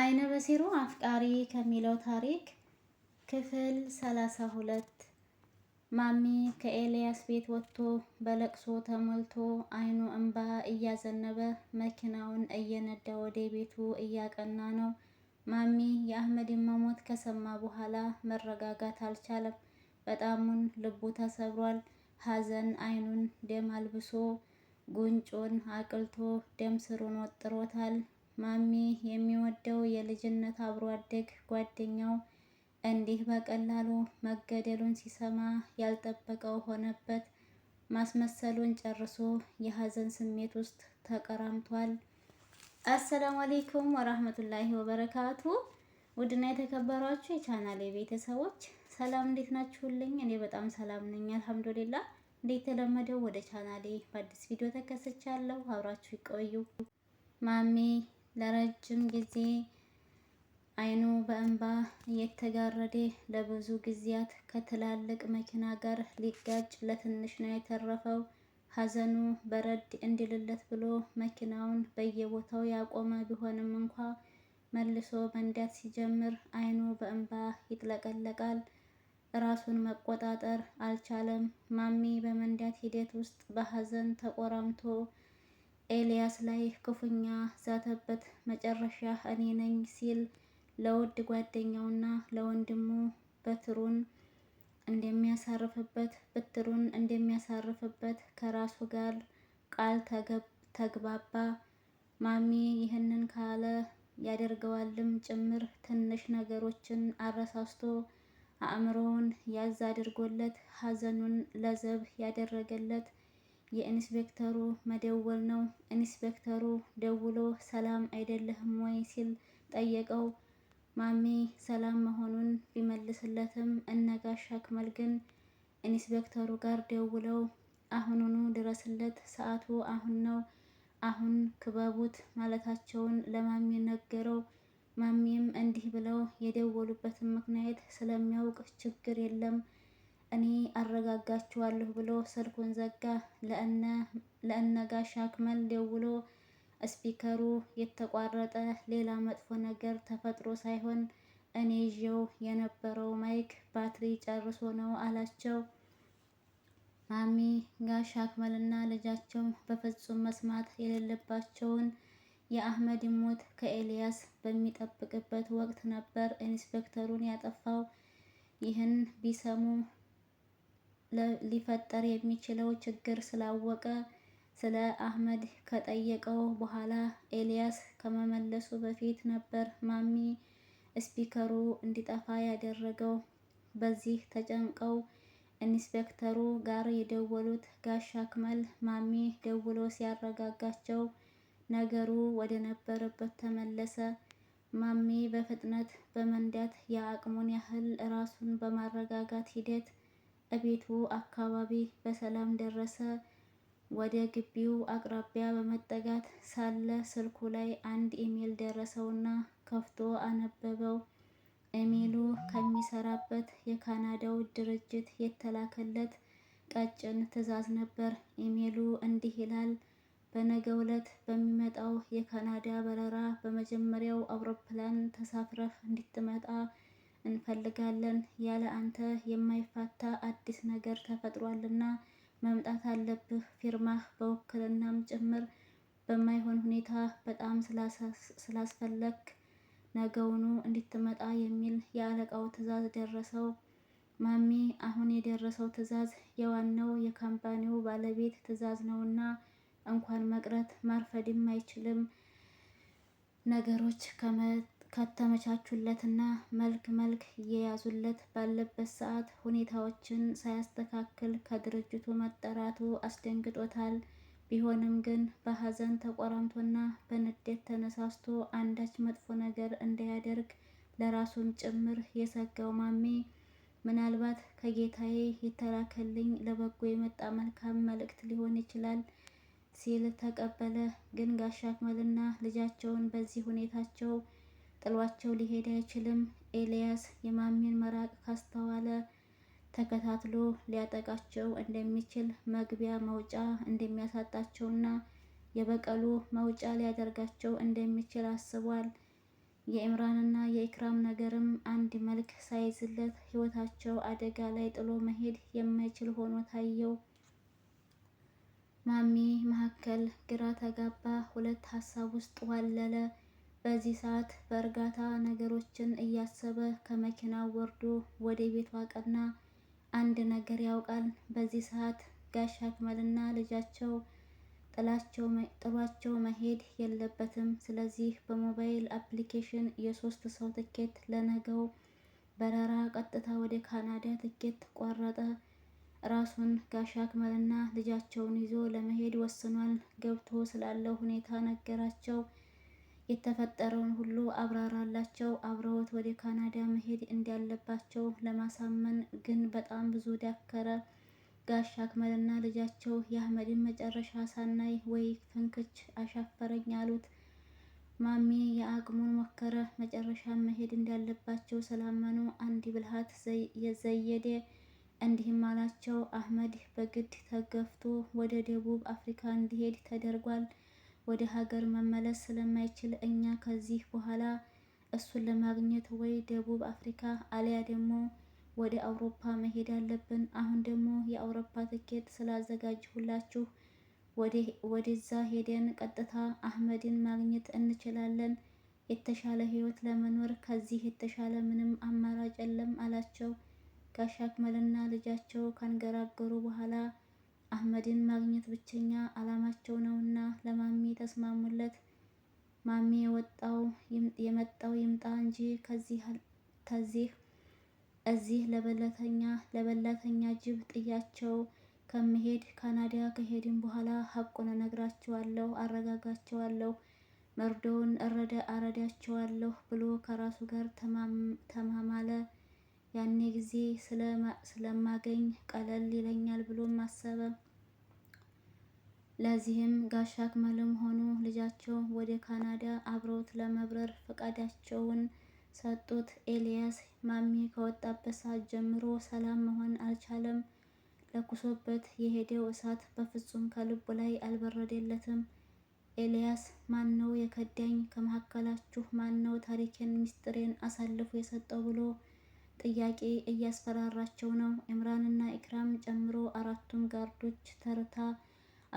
አይነ በሲሩ አፍቃሪ ከሚለው ታሪክ ክፍል ሰላሳ ሁለት ማሚ ከኤልያስ ቤት ወጥቶ በለቅሶ ተሞልቶ አይኑ እንባ እያዘነበ መኪናውን እየነዳ ወደ ቤቱ እያቀና ነው። ማሚ የአህመድን መሞት ከሰማ በኋላ መረጋጋት አልቻለም። በጣሙን ልቡ ተሰብሯል። ሐዘን አይኑን ደም አልብሶ ጉንጮን አቅልቶ ደም ስሩን ወጥሮታል። ማሚ የሚወደው የልጅነት አብሮ አደግ ጓደኛው እንዲህ በቀላሉ መገደሉን ሲሰማ ያልጠበቀው ሆነበት። ማስመሰሉን ጨርሶ የሀዘን ስሜት ውስጥ ተቀራምቷል። አሰላሙ አሌይኩም ወራህመቱላሂ ወበረካቱ። ውድና የተከበሯችሁ የቻናሌ ቤተሰቦች ሰላም እንዴት ናችሁልኝ? እኔ በጣም ሰላም ነኝ አልሐምዱሊላ። እንደተለመደው ወደ ቻናሌ በአዲስ ቪዲዮ ተከስቻለሁ። አብራችሁ ይቆዩ። ማሚ ለረጅም ጊዜ አይኑ በእንባ እየተጋረደ ለብዙ ጊዜያት ከትላልቅ መኪና ጋር ሊጋጭ ለትንሽ ነው የተረፈው። ሀዘኑ በረድ እንዲልለት ብሎ መኪናውን በየቦታው ያቆመ ቢሆንም እንኳ መልሶ መንዳት ሲጀምር አይኑ በእንባ ይጥለቀለቃል። ራሱን መቆጣጠር አልቻለም። ማሚ በመንዳት ሂደት ውስጥ በሀዘን ተቆራምቶ ኤልያስ ላይ ክፉኛ ዛተበት። መጨረሻ እኔ ነኝ ሲል ለውድ ጓደኛውና ለወንድሙ በትሩን እንደሚያሳርፍበት ብትሩን እንደሚያሳርፍበት ከራሱ ጋር ቃል ተግባባ። ማሚ ይህንን ካለ ያደርገዋልም ጭምር ትንሽ ነገሮችን አረሳስቶ አእምሮውን ያዝ አድርጎለት ሀዘኑን ለዘብ ያደረገለት የኢንስፔክተሩ መደወል ነው። ኢንስፔክተሩ ደውሎ ሰላም አይደለህም ወይ ሲል ጠየቀው። ማሜ ሰላም መሆኑን ቢመልስለትም እነጋሽ አክመል ግን ኢንስፔክተሩ ጋር ደውለው አሁኑኑ ድረስለት፣ ሰዓቱ አሁን ነው፣ አሁን ክበቡት ማለታቸውን ለማሜ ነገረው። ማሜም እንዲህ ብለው የደወሉበትን ምክንያት ስለሚያውቅ ችግር የለም እኔ አረጋጋችኋለሁ ብሎ ስልኩን ዘጋ። ለእነ ጋሽ አክመል ደውሎ ስፒከሩ የተቋረጠ ሌላ መጥፎ ነገር ተፈጥሮ ሳይሆን እኔ ይዤው የነበረው ማይክ ባትሪ ጨርሶ ነው አላቸው። ማሚ ጋሽ አክመልና ልጃቸው በፍጹም መስማት የሌለባቸውን የአህመድ ሞት ከኤልያስ በሚጠብቅበት ወቅት ነበር ኢንስፔክተሩን ያጠፋው። ይህን ቢሰሙ ሊፈጠር የሚችለው ችግር ስላወቀ ስለ አህመድ ከጠየቀው በኋላ ኤልያስ ከመመለሱ በፊት ነበር ማሚ ስፒከሩ እንዲጠፋ ያደረገው። በዚህ ተጨንቀው ኢንስፔክተሩ ጋር የደወሉት ጋሽ አክመል ማሚ ደውሎ ሲያረጋጋቸው ነገሩ ወደ ነበረበት ተመለሰ። ማሚ በፍጥነት በመንዳት የአቅሙን ያህል ራሱን በማረጋጋት ሂደት እቤቱ አካባቢ በሰላም ደረሰ። ወደ ግቢው አቅራቢያ በመጠጋት ሳለ ስልኩ ላይ አንድ ኢሜል ደረሰውና ከፍቶ አነበበው። ኢሜሉ ከሚሰራበት የካናዳው ድርጅት የተላከለት ቀጭን ትዕዛዝ ነበር። ኢሜሉ እንዲህ ይላል። በነገ ዕለት በሚመጣው የካናዳ በረራ በመጀመሪያው አውሮፕላን ተሳፍረህ እንድትመጣ እንፈልጋለን። ያለ አንተ የማይፋታ አዲስ ነገር ተፈጥሯልና መምጣት አለብህ። ፊርማህ በውክልናም ጭምር በማይሆን ሁኔታ በጣም ስላስፈለግ ነገውኑ እንድትመጣ የሚል የአለቃው ትዕዛዝ ደረሰው። ማሚ አሁን የደረሰው ትዕዛዝ የዋናው የካምፓኒው ባለቤት ትዕዛዝ ነውና እንኳን መቅረት ማርፈድም አይችልም። ነገሮች ከመ ከተመቻቹለትና መልክ መልክ እየያዙለት ባለበት ሰዓት ሁኔታዎችን ሳያስተካክል ከድርጅቱ መጠራቱ አስደንግጦታል። ቢሆንም ግን በሀዘን ተቆራምቶና በንዴት ተነሳስቶ አንዳች መጥፎ ነገር እንዳያደርግ ለራሱም ጭምር የሰጋው ማሜ ምናልባት ከጌታዬ የተላከልኝ ለበጎ የመጣ መልካም መልእክት ሊሆን ይችላል ሲል ተቀበለ። ግን ጋሻ አክመልና ልጃቸውን በዚህ ሁኔታቸው ጥሏቸው ሊሄድ አይችልም። ኤልያስ የማሚን መራቅ ካስተዋለ ተከታትሎ ሊያጠቃቸው እንደሚችል መግቢያ መውጫ እንደሚያሳጣቸውና የበቀሉ መውጫ ሊያደርጋቸው እንደሚችል አስቧል። የኢምራንና የኢክራም ነገርም አንድ መልክ ሳይዝለት ሕይወታቸው አደጋ ላይ ጥሎ መሄድ የማይችል ሆኖ ታየው። ማሚ መካከል ግራ ተጋባ፣ ሁለት ሀሳብ ውስጥ ዋለለ። በዚህ ሰዓት በእርጋታ ነገሮችን እያሰበ ከመኪና ወርዶ ወደ ቤቱ ቀና አንድ ነገር ያውቃል። በዚህ ሰዓት ጋሽ አክመልና ልጃቸው ጥሏቸው መሄድ የለበትም። ስለዚህ በሞባይል አፕሊኬሽን የሶስት ሰው ትኬት ለነገው በረራ ቀጥታ ወደ ካናዳ ትኬት ቆረጠ። ራሱን ጋሽ አክመልና ልጃቸውን ይዞ ለመሄድ ወስኗል። ገብቶ ስላለው ሁኔታ ነገራቸው። የተፈጠረውን ሁሉ አብራራላቸው። አብረውት ወደ ካናዳ መሄድ እንዳለባቸው ለማሳመን ግን በጣም ብዙ ዳከረ። ጋሽ አክመልና ልጃቸው የአህመድን መጨረሻ ሳናይ ወይ ፍንክች አሻፈረኝ አሉት። ማሚ የአቅሙን ሞከረ። መጨረሻ መሄድ እንዳለባቸው ስላመኑ አንድ ብልሃት የዘየደ እንዲህም አላቸው። አህመድ በግድ ተገፍቶ ወደ ደቡብ አፍሪካ እንዲሄድ ተደርጓል። ወደ ሀገር መመለስ ስለማይችል እኛ ከዚህ በኋላ እሱን ለማግኘት ወይ ደቡብ አፍሪካ አሊያ ደግሞ ወደ አውሮፓ መሄድ አለብን። አሁን ደግሞ የአውሮፓ ትኬት ስላዘጋጅሁላችሁ ወደዛ ሄደን ቀጥታ አህመድን ማግኘት እንችላለን። የተሻለ ህይወት ለመኖር ከዚህ የተሻለ ምንም አማራጭ የለም አላቸው። ጋሽ አክመልና ልጃቸው ካንገራገሩ በኋላ አህመድን ማግኘት ብቸኛ ነው ነውና ለማሚ ተስማሙለት። ማሚ የመጣው ይምጣ እንጂ ከዚህ እዚህ ለበላተኛ ለበላተኛ ጅብ ጥያቸው ከምሄድ ካናዳ ከሄድን በኋላ ሀቁን እነግራቸዋለሁ፣ አረጋጋቸዋለሁ፣ መርዶውን እረዳ አረዳቸዋለሁ ብሎ ከራሱ ጋር ተማማለ። ያኔ ጊዜ ስለማገኝ ቀለል ይለኛል ብሎ ማሰበ። ለዚህም ጋሻ አክመልም ሆኑ ልጃቸው ወደ ካናዳ አብረውት ለመብረር ፈቃዳቸውን ሰጡት። ኤልያስ ማሚ ከወጣበት ሰዓት ጀምሮ ሰላም መሆን አልቻለም። ለኩሶበት የሄደው እሳት በፍጹም ከልቡ ላይ አልበረደለትም። ኤልያስ ማነው የከዳኝ? ከመካከላችሁ ነው ታሪኬን ምስጢሬን አሳልፎ የሰጠው ብሎ ጥያቄ እያስፈራራቸው ነው። ኢምራንና ኢክራም ጨምሮ አራቱም ጋርዶች ተርታ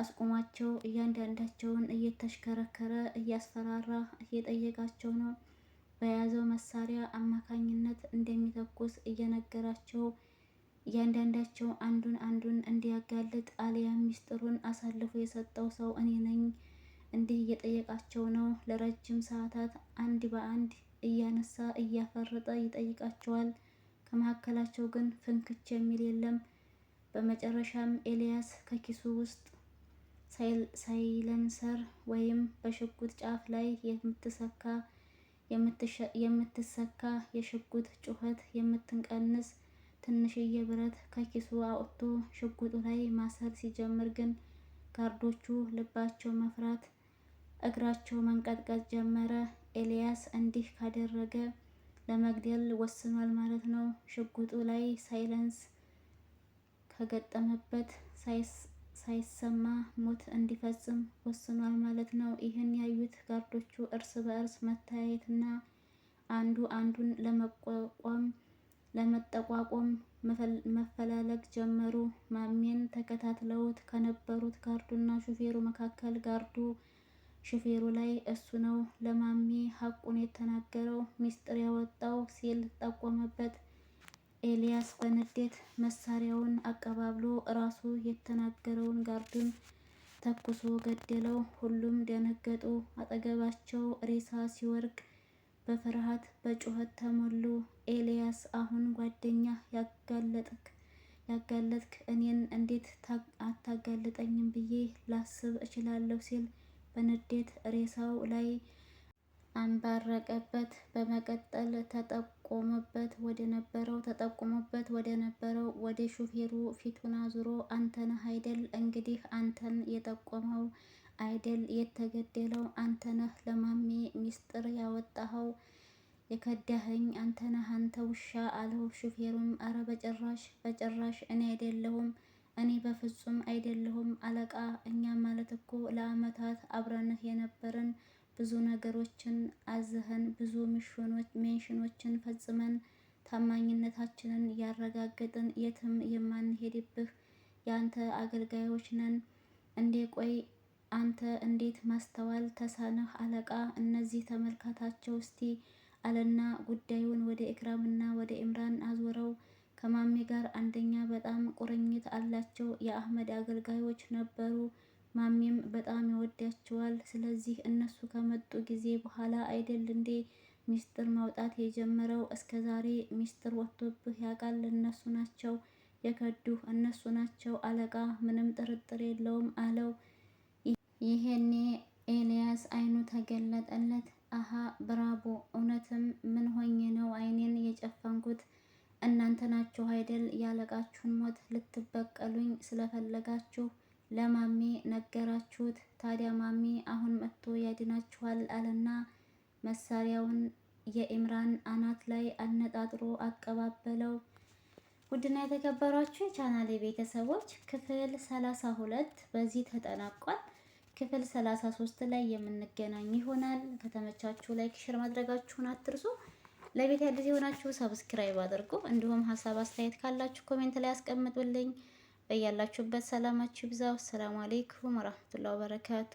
አስቆማቸው። እያንዳንዳቸውን እየተሽከረከረ እያስፈራራ እየጠየቃቸው ነው። በያዘው መሳሪያ አማካኝነት እንደሚተኩስ እየነገራቸው እያንዳንዳቸው አንዱን አንዱን እንዲያጋልጥ አሊያም ሚስጥሩን አሳልፎ የሰጠው ሰው እኔ ነኝ እንዲህ እየጠየቃቸው ነው። ለረጅም ሰዓታት አንድ በአንድ እያነሳ እያፈረጠ ይጠይቃቸዋል። ከመካከላቸው ግን ፍንክች የሚል የለም። በመጨረሻም ኤልያስ ከኪሱ ውስጥ ሳይለንሰር ወይም በሽጉጥ ጫፍ ላይ የምትሰካ የምትሰካ የሽጉጥ ጩኸት የምትቀንስ ትንሽዬ ብረት ከኪሱ አውጥቶ ሽጉጡ ላይ ማሰር ሲጀምር ግን ጋርዶቹ ልባቸው መፍራት፣ እግራቸው መንቀጥቀጥ ጀመረ። ኤልያስ እንዲህ ካደረገ ለመግደል ወስኗል ማለት ነው። ሽጉጡ ላይ ሳይለንስ ከገጠመበት ሳይሰማ ሞት እንዲፈጽም ወስኗል ማለት ነው። ይህን ያዩት ጋርዶቹ እርስ በእርስ መታየትና አንዱ አንዱን ለመቋቋም ለመጠቋቆም መፈላለግ ጀመሩ። ማሜን ተከታትለውት ከነበሩት ጋርዱና ሹፌሩ መካከል ጋርዱ ሹፌሩ ላይ እሱ ነው ለማሚ ሀቁን የተናገረው ሚስጥር ያወጣው ሲል ጠቆመበት። ኤልያስ በንዴት መሳሪያውን አቀባብሎ ራሱ የተናገረውን ጋርዱን ተኩሶ ገደለው። ሁሉም ደነገጡ። አጠገባቸው ሬሳ ሲወርቅ በፍርሃት በጩኸት ተሞሉ። ኤልያስ አሁን ጓደኛ ያጋለጥክ ያጋለጥክ እኔን እንዴት አታጋልጠኝም ብዬ ላስብ እችላለሁ ሲል በንዴት ሬሳው ላይ አንባረቀበት። በመቀጠል ተጠቆመበት ወደ ነበረው ተጠቆመበት ወደ ነበረው ወደ ሹፌሩ ፊቱን አዙሮ አንተን አይደል? እንግዲህ አንተን የጠቆመው አይደል? የተገደለው አንተ ነህ። ለማሜ ሚስጥር ያወጣኸው የከዳኸኝ አንተ ነህ። አንተ ውሻ አለው። ሹፌሩም አረ በጭራሽ በጭራሽ እኔ አይደለሁም እኔ በፍጹም አይደለሁም አለቃ። እኛ ማለት እኮ ለአመታት አብረንህ የነበረን ብዙ ነገሮችን አዝህን፣ ብዙ ሜንሽኖችን ፈጽመን ታማኝነታችንን ያረጋገጥን የትም የማንሄድብህ የአንተ አገልጋዮች ነን። እንዴ ቆይ አንተ እንዴት ማስተዋል ተሳነህ አለቃ? እነዚህ ተመልካታቸው እስቲ አለና ጉዳዩን ወደ ኢክራምና ወደ ኢምራን አዞረው። ከማሜ ጋር አንደኛ በጣም ቁርኝት አላቸው። የአህመድ አገልጋዮች ነበሩ። ማሜም በጣም ይወዳቸዋል። ስለዚህ እነሱ ከመጡ ጊዜ በኋላ አይደል እንዴ ሚስጥር ማውጣት የጀመረው? እስከ ዛሬ ሚስጥር ወጥቶብህ ያውቃል? እነሱ ናቸው የከዱህ፣ እነሱ ናቸው አለቃ፣ ምንም ጥርጥር የለውም አለው። ይሄኔ ኤልያስ አይኑ ተገለጠለት። አሃ ብራቦ! እውነትም ምን የታላቃችሁን ሞት ልትበቀሉኝ ስለፈለጋችሁ ለማሜ ነገራችሁት። ታዲያ ማሜ አሁን መጥቶ ያድናችኋል አለና መሳሪያውን የኢምራን አናት ላይ አነጣጥሮ አቀባበለው። ውድና የተከበራችሁ የቻናሌ ቤተሰቦች ክፍል ሰላሳ ሁለት በዚህ ተጠናቋል። ክፍል ሰላሳ ሶስት ላይ የምንገናኝ ይሆናል። ከተመቻችሁ ላይክ፣ ሽር ማድረጋችሁን አትርሱ። ለቤት አዲስ የሆናችሁ ሰብስክራይብ አድርጉ። እንዲሁም ሀሳብ አስተያየት ካላችሁ ኮሜንት ላይ አስቀምጡልኝ። በያላችሁበት ሰላማችሁ ይብዛው። ሰላም አሌይኩም ወራህመቱላሂ ወበረካቱ